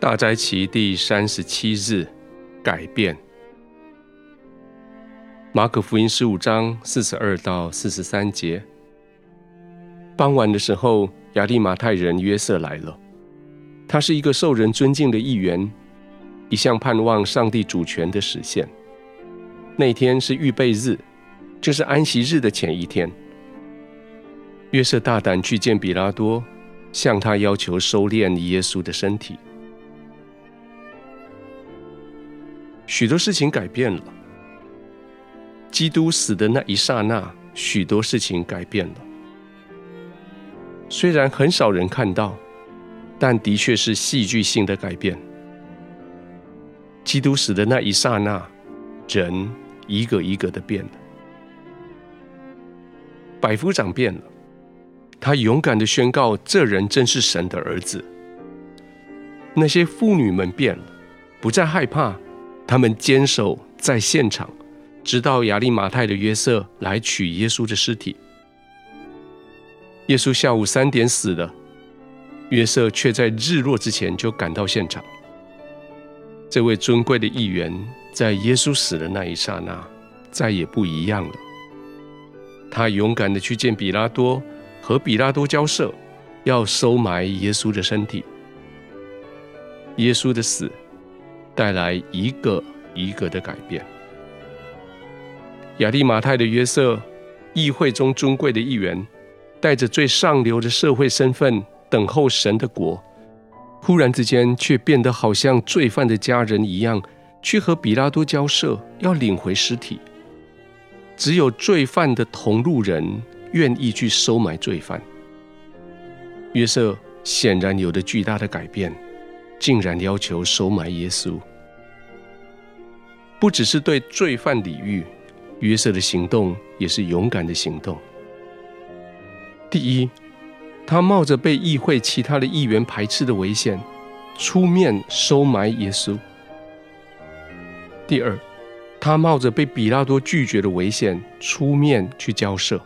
大齋期第三十七日，改變。馬可福音十五章四十二到四十三節。傍晚的時候，亞利馬太人約瑟來了，他是一個受人尊敬的議員，一向盼望上帝主權的實現。那天是預備日，就是安息日的前一天。約瑟大膽去見比拉多，向他要求收殮耶穌的身體。許多事情改變了。基督死的那一剎那，許多事情改變了。雖然很少人看到，但的確是戲劇性的改變。基督死的那一剎那，人一個一個的變了。百夫長變了，他勇敢的宣告：“這人真是神的兒子。”那些婦女們變了，不再害怕。他們堅守在現場，直到亞利馬太的約瑟來取耶穌的屍體。耶穌下午三點死了，約瑟卻在日落之前就趕到現場。這位尊貴的議員在耶穌死的那一剎那再也不一樣了。他勇敢地去見比拉多，和比拉多交涉，要收埋耶穌的身體。耶穌的死。帶來一個一個的改變。亞利馬太的約瑟，議會中尊貴的議員，帶着最上流的社會身份，等候神的國。忽然之間，卻變得好像罪犯的家人一樣，去和彼拉多交涉，要領回屍體。只有罪犯的同路人願意去收埋罪犯。約瑟顯然有着巨大的改變。竟然要求收埋耶穌，不只是對罪犯禮遇，約瑟的行動也是勇敢的行動。第一，他冒着被議會其他的議員排斥的危險，出面收埋耶穌；第二，他冒着被彼拉多拒絕的危險，出面去交涉。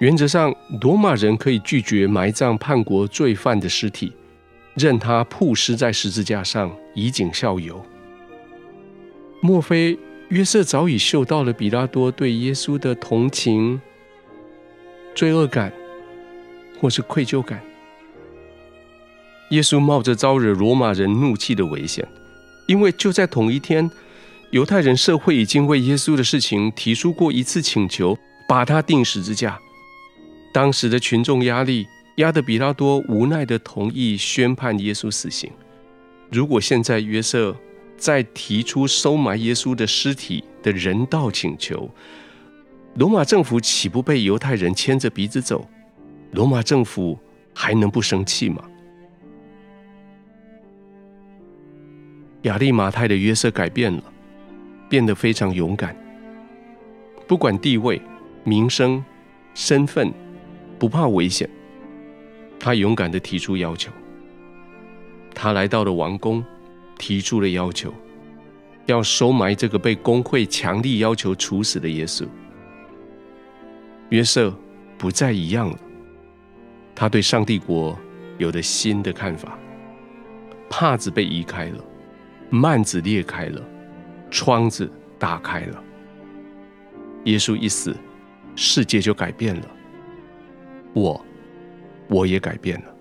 原則上，羅馬人可以拒絕埋葬叛國罪犯的屍體。任他曝屍在十字架上，以儆效尤。莫非約瑟早已嗅到了比拉多對耶穌的同情、罪惡感，或是愧疚感？耶穌冒着招惹羅馬人怒氣的危險，因為就在同一天，猶太人社會已經為耶穌的事情提出過一次請求，把他釘十字架。當時的群眾壓力壓得彼拉多無奈的同意宣判耶穌死刑。如果現在約瑟再提出收埋耶穌的屍體的人道請求，羅馬政府豈不被猶太人牽着鼻子走？羅馬政府還能不生氣嗎？亞利馬太的約瑟改變了，變得非常勇敢，不管地位、名聲、身份，不怕危險。他勇敢地提出要求。他來到了王宮，提出了要求，要收埋這個被公會強力要求處死的耶穌。約瑟不再一樣了，他對上帝國有了新的看法。帕子被移開了，幔子裂開了，窗子打開了。耶穌一死，世界就改變了。我。我也改變了。